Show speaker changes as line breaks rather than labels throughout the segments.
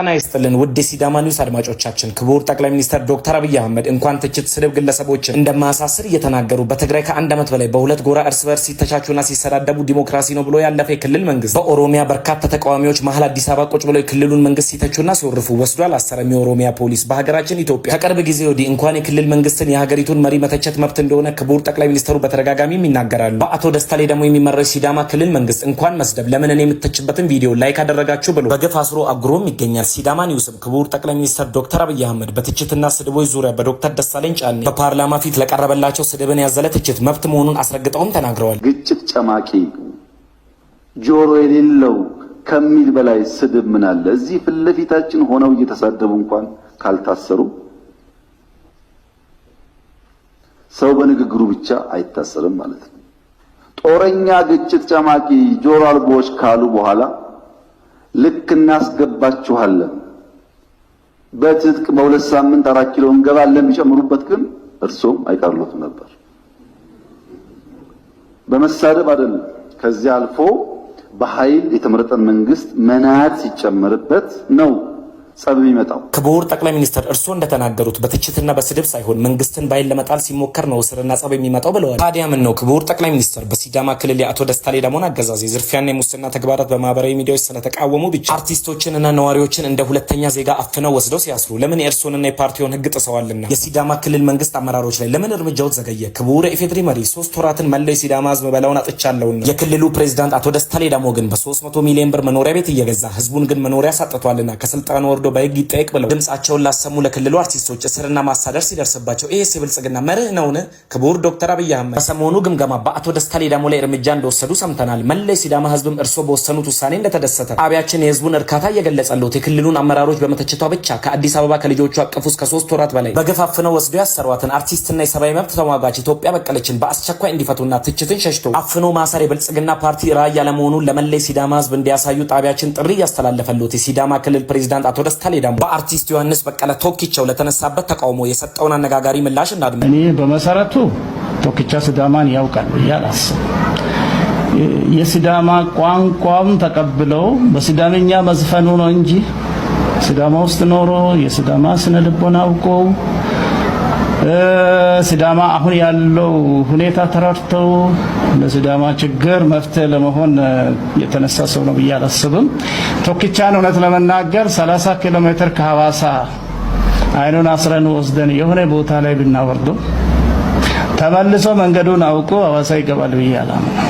ጤና ይስጥልን ውድ ሲዳማ ኒውስ አድማጮቻችን፣ ክቡር ጠቅላይ ሚኒስትር ዶክተር አብይ አህመድ እንኳን ትችት፣ ስድብ ግለሰቦችን እንደማያሳስር እየተናገሩ በትግራይ ከአንድ ዓመት በላይ በሁለት ጎራ እርስ በርስ ሲተቻቹና ሲሰዳደቡ ዲሞክራሲ ነው ብሎ ያለፈ የክልል መንግስት በኦሮሚያ በርካታ ተቃዋሚዎች መሀል አዲስ አበባ ቁጭ ብሎ የክልሉን መንግስት ሲተቹና ሲወርፉ ወስዶ አላሰረም የኦሮሚያ ፖሊስ። በሀገራችን ኢትዮጵያ ከቅርብ ጊዜ ወዲህ እንኳን የክልል መንግስትን የሀገሪቱን መሪ መተቸት መብት እንደሆነ ክቡር ጠቅላይ ሚኒስትሩ በተደጋጋሚም ይናገራሉ። በአቶ ደስታ ላይ ደግሞ የሚመራው ሲዳማ ክልል መንግስት እንኳን መስደብ ለምን እኔ የምተችበትን ቪዲዮ ላይክ አደረጋችሁ ብሎ በግፍ አስሮ አጉሮም ይገኛል። ሲዳማ ኒውስም ክቡር ጠቅላይ ሚኒስትር ዶክተር አብይ አህመድ በትችትና ስድቦች ዙሪያ በዶክተር ደሳለኝ ጫኔ በፓርላማ ፊት ለቀረበላቸው ስድብን ያዘለ ትችት መብት መሆኑን አስረግጠውም ተናግረዋል።
ግጭት ጨማቂ ጆሮ የሌለው ከሚል በላይ ስድብ ምን አለ? እዚህ ፊት ለፊታችን ሆነው እየተሳደቡ እንኳን ካልታሰሩ ሰው በንግግሩ ብቻ አይታሰርም ማለት ነው። ጦረኛ፣ ግጭት ጨማቂ፣ ጆሮ አልቦዎች ካሉ በኋላ ልክ እናስገባችኋለን፣ በትጥቅ በሁለት ሳምንት አራት ኪሎ እንገባለን ቢጨምሩበት ግን እርሶም አይቀርሉትም ነበር። በመሳደብ አይደለም። ከዚያ አልፎ በኃይል የተመረጠን መንግስት መናት ሲጨመርበት ነው። ጸብ የሚመጣው
ክቡር ጠቅላይ ሚኒስትር እርስዎ እንደተናገሩት በትችትና በስድብ ሳይሆን መንግስትን ባይን ለመጣል ሲሞከር ነው እስርና ጸብ የሚመጣው ብለዋል። ታዲያ ምን ነው ክቡር ጠቅላይ ሚኒስትር በሲዳማ ክልል የአቶ ደስታ ሌዳሞን አገዛዝ የዝርፊያና የሙስና ተግባራት በማህበራዊ ሚዲያዎች ስለተቃወሙ ብቻ አርቲስቶችንና ነዋሪዎችን እንደ ሁለተኛ ዜጋ አፍነው ወስደው ሲያስሩ ለምን የእርስዎንና የፓርቲውን ህግ ጥሰዋልና የሲዳማ ክልል መንግስት አመራሮች ላይ ለምን እርምጃው ዘገየ? ክቡር የኢፌዴሪ መሪ ሶስት ወራትን መላው የሲዳማ ህዝብ በላውን አጥቻለሁና የክልሉ ፕሬዚዳንት አቶ ደስታ ሌዳሞ ግን በ300 ሚሊዮን ብር መኖሪያ ቤት እየገዛ ህዝቡን ግን መኖሪያ ሳጥቷልና ከስልጣን ወርዶ ተፈርዶ በህግ ይጠየቅ ብለው ድምጻቸውን ላሰሙ ለክልሉ አርቲስቶች እስርና ማሳደር ሲደርስባቸው ይህ የብልጽግና መርህ ነውን? ክቡር ዶክተር አብይ አህመድ በሰሞኑ ግምገማ በአቶ ደስታ ሌዳሞ ላይ እርምጃ እንደወሰዱ ሰምተናል። መላ ሲዳማ ህዝብም እርሶ በወሰኑት ውሳኔ እንደተደሰተ ጣቢያችን የህዝቡን እርካታ እየገለጸለት የክልሉን አመራሮች በመተቸቷ ብቻ ከአዲስ አበባ ከልጆቹ አቀፍ ውስጥ ከሶስት ወራት በላይ በገፋፍነው ወስዶ ያሰሯትን አርቲስትና የሰብአዊ መብት ተሟጋች ኢትዮጵያ በቀለችን በአስቸኳይ እንዲፈቱና ትችትን ሸሽቶ አፍኖ ማሰር የብልጽግና ፓርቲ ራዕይ ያለመሆኑን ለመላ ሲዳማ ህዝብ እንዲያሳዩ ጣቢያችን ጥሪ እያስተላለፈሉት የሲዳማ ክልል ፕሬዚዳንት አቶ ደስታ ተሌ ደግሞ በአርቲስት ዮሐንስ በቀለ ቶኪቻው ለተነሳበት ተቃውሞ የሰጠውን አነጋጋሪ ምላሽ እናድም
እኔ በመሰረቱ ቶኪቻ ስዳማን ያውቃል ያላስ የስዳማ ቋንቋም ተቀብለው በስዳምኛ መዝፈኑ ነው እንጂ ስዳማ ውስጥ ኖሮ የስዳማ ስነ ልቦና ሲዳማ አሁን ያለው ሁኔታ ተረድተው ለሲዳማ ችግር መፍትሄ ለመሆን የተነሳ ሰው ነው ብዬ አላስብም። ቶኪቻን እውነት ለመናገር 30 ኪሎ ሜትር ከሐዋሳ አይኑን አስረን ወስደን የሆነ ቦታ ላይ ብናወርደው ተመልሶ መንገዱን አውቆ ሐዋሳ ይገባል ብዬ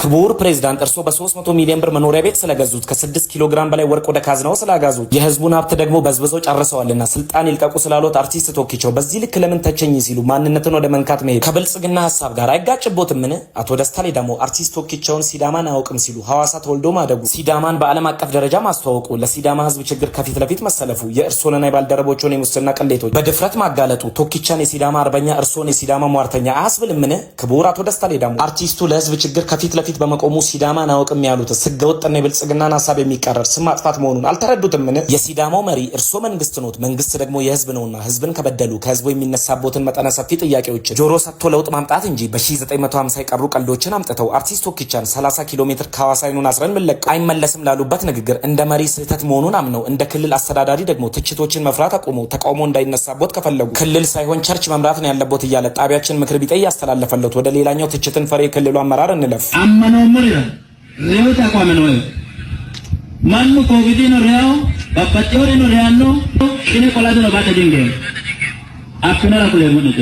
ክቡር ፕሬዚዳንት እርስዎ በ300 ሚሊዮን ብር መኖሪያ ቤት ስለገዙት፣ ከ6 ኪሎ ግራም በላይ ወርቅ ወደ ካዝናው ስላጋዙት፣ የህዝቡን ሀብት ደግሞ በዝብዘው ጨርሰዋልና ስልጣን ይልቀቁ ስላሉት አርቲስት ቶኪቸው በዚህ ልክ ለምን ተቸኝ ሲሉ ማንነትን ወደ መንካት መሄድ ከብልጽግና ሀሳብ ጋር አይጋጭቦትም? ምን አቶ ደስታ ላይ ደግሞ አርቲስት ቶኪቸውን ሲዳማን አያውቅም ሲሉ ሐዋሳ ተወልዶ ማደጉ፣ ሲዳማን በዓለም አቀፍ ደረጃ ማስተዋወቁ፣ ለሲዳማ ህዝብ ችግር ከፊት ለፊት መሰለፉ፣ የእርስዎንና የባልደረቦችን የሙስና ቅሌቶች በድፍረት ማጋለጡ ቶኪቻን የሲዳማ አርበኛ እርሶን የሲዳማ ሟርተኛ አያስብልም? ለምን ክቡር አቶ ደስታ ሌዳሞ አርቲስቱ ለህዝብ ችግር ከፊት ለፊት በመቆሙ ሲዳማን አውቅም ያሉት ህገወጥና የብልጽግናን ሀሳብ የሚቃረር ስም ማጥፋት መሆኑን አልተረዱትም? ምን የሲዳማው መሪ እርስዎ መንግስት ኖት፣ መንግስት ደግሞ የህዝብ ነውና ህዝብን ከበደሉ ከህዝቡ የሚነሳቦትን መጠነ ሰፊ ጥያቄዎችን ጆሮ ሰጥቶ ለውጥ ማምጣት እንጂ በ1950 የቀሩ ቀልዶችን አምጥተው አርቲስት ቶኪቻን 30 ኪሎ ሜትር ከሐዋሳ አስረን ምንለቅ አይመለስም ላሉበት ንግግር እንደ መሪ ስህተት መሆኑን አምነው እንደ ክልል አስተዳዳሪ ደግሞ ትችቶችን መፍራት አቁመው ተቃውሞ እንዳይነሳቦት ከፈለጉ ክልል ሳይሆን ቸርች መምራት ነው ያለቦት እያለ ጣቢያችን ምክር ቢጤ ተላለፈለት። ወደ ሌላኛው ትችትን ፈሬ ክልሉ አመራር እንለፍ።
አመነው ምን ይላል ሪዮት አቋም ነው ማኑ ኮቪድ ነው ሪያው ባባቴው ነው ሪያው ነው ሽኔ ቆላዶ ነው ባተ ድንገ አፍነራ ኩሌ ሙንጀ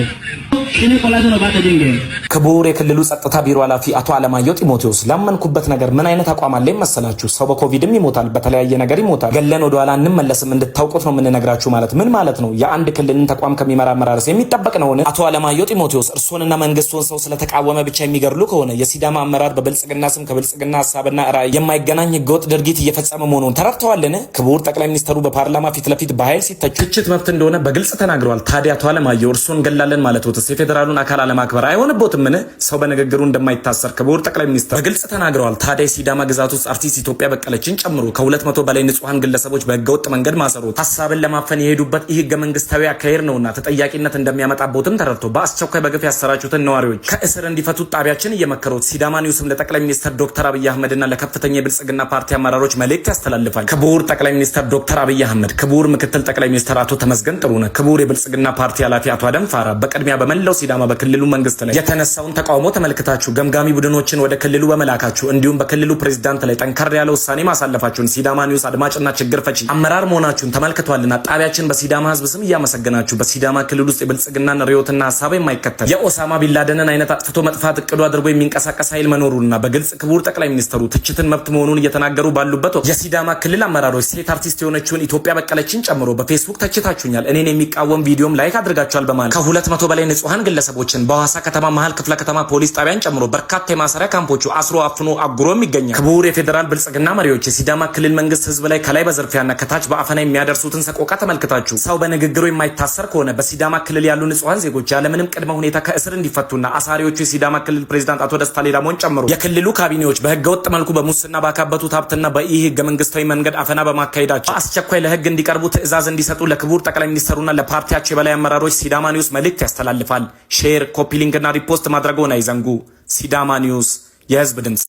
ክቡር የክልሉ ጸጥታ ቢሮ ኃላፊ አቶ አለማየሁ ጢሞቴዎስ ላመንኩበት ነገር ምን አይነት አቋም አለ መሰላችሁ? ሰው በኮቪድም ይሞታል፣ በተለያየ ነገር ይሞታል። ገለን ወደኋላ እንመለስም፣ እንድታውቁት ነው የምንነግራችሁ። ማለት ምን ማለት ነው? የአንድ ክልልን ተቋም ከሚመራ አመራረስ የሚጠበቅ ነውን? አቶ አለማየሁ ጢሞቴዎስ እርስዎንና መንግስቱን ሰው ስለተቃወመ ብቻ የሚገድሉ ከሆነ የሲዳማ አመራር በብልጽግና ስም ከብልጽግና ሀሳብና ራዕይ የማይገናኝ ህገወጥ ድርጊት እየፈጸመ መሆኑን ተረድተዋልን? ክቡር ጠቅላይ ሚኒስትሩ በፓርላማ ፊት ለፊት በኃይል ሲተቹ ትችት መብት እንደሆነ በግልጽ ተናግረዋል። ታዲያ አቶ አለማየሁ እርስዎን እንገላለን ማለት የፌዴራሉን አካል አለማክበር አይሆንቦትም? ምን ሰው በንግግሩ እንደማይታሰር ክቡር ጠቅላይ ሚኒስትር በግልጽ ተናግረዋል። ታዲያ ሲዳማ ግዛት ውስጥ አርቲስት ኢትዮጵያ በቀለችን ጨምሮ ከሁለት መቶ በላይ ንጹሐን ግለሰቦች በህገወጥ መንገድ ማሰሩ ሀሳብን ለማፈን የሄዱበት ይህ ህገ መንግስታዊ አካሄድ ነውና ተጠያቂነት እንደሚያመጣቦትም ተረድቶ በአስቸኳይ በግፍ ያሰራችሁትን ነዋሪዎች ከእስር እንዲፈቱ ጣቢያችን እየመከሩት ሲዳማ ኒውስም ለጠቅላይ ሚኒስትር ዶክተር አብይ አህመድና ለከፍተኛ የብልጽግና ፓርቲ አመራሮች መልእክት ያስተላልፋል። ክቡር ጠቅላይ ሚኒስትር ዶክተር አብይ አህመድ፣ ክቡር ምክትል ጠቅላይ ሚኒስትር አቶ ተመስገን ጥሩነህ፣ ክቡር የብልጽግና ፓርቲ ኃላፊ አቶ አደም ፋራ በቅድሚያ በመለው ሲዳማ በክልሉ መንግስት ላይ የተነሳውን ተቃውሞ ተመልክታችሁ ገምጋሚ ቡድኖችን ወደ ክልሉ በመላካችሁ እንዲሁም በክልሉ ፕሬዚዳንት ላይ ጠንከር ያለ ውሳኔ ማሳለፋችሁን ሲዳማ ኒውስ አድማጭና ችግር ፈቺ አመራር መሆናችሁን ተመልክቷልና ጣቢያችን በሲዳማ ህዝብ ስም እያመሰገናችሁ በሲዳማ ክልል ውስጥ የብልጽግናን ርዕዮትና ሀሳብ የማይከተል የኦሳማ ቢላደንን አይነት አጥፍቶ መጥፋት እቅዱ አድርጎ የሚንቀሳቀስ ኃይል መኖሩና በግልጽ ክቡር ጠቅላይ ሚኒስትሩ ትችትን መብት መሆኑን እየተናገሩ ባሉበት ወቅት የሲዳማ ክልል አመራሮች ሴት አርቲስት የሆነችውን ኢትዮጵያ በቀለችን ጨምሮ በፌስቡክ ተችታችሁኛል፣ እኔን የሚቃወም ቪዲዮም ላይክ አድርጋችኋል በማለት ከሁለት መቶ በላይ ንጹሐን ግለሰቦችን በሐዋሳ ከተማ መሀል ክፍለ ከተማ ፖሊስ ጣቢያን ጨምሮ በርካታ የማሰሪያ ካምፖቹ አስሮ አፍኖ አጉሮም ይገኛል። ክቡር የፌዴራል ብልጽግና መሪዎች የሲዳማ ክልል መንግስት ህዝብ ላይ ከላይ በዘርፊያና ከታች በአፈና የሚያደርሱትን ሰቆቃ ተመልክታችሁ ሰው በንግግሩ የማይታሰር ከሆነ በሲዳማ ክልል ያሉ ንጹሐን ዜጎች ያለምንም ቅድመ ሁኔታ ከእስር እንዲፈቱና አሳሪዎቹ የሲዳማ ክልል ፕሬዚዳንት አቶ ደስታ ሌዳሞን ጨምሮ የክልሉ ካቢኔዎች በህገ ወጥ መልኩ በሙስና ባካበቱት ሀብትና በኢ ህገ መንግስታዊ መንገድ አፈና በማካሄዳቸው አስቸኳይ ለህግ እንዲቀርቡ ትዕዛዝ እንዲሰጡ ለክቡር ጠቅላይ ሚኒስትሩና ለፓርቲያቸው የበላይ አመራሮች ሲዳማ ኒውስ መልእክት ያስተላልፋል። ሼር፣ ኮፒ ሊንክ እና ሪፖስት ማድረግዎን አይዘንጉ። ሲዳማ ኒውስ የህዝብ ድምፅ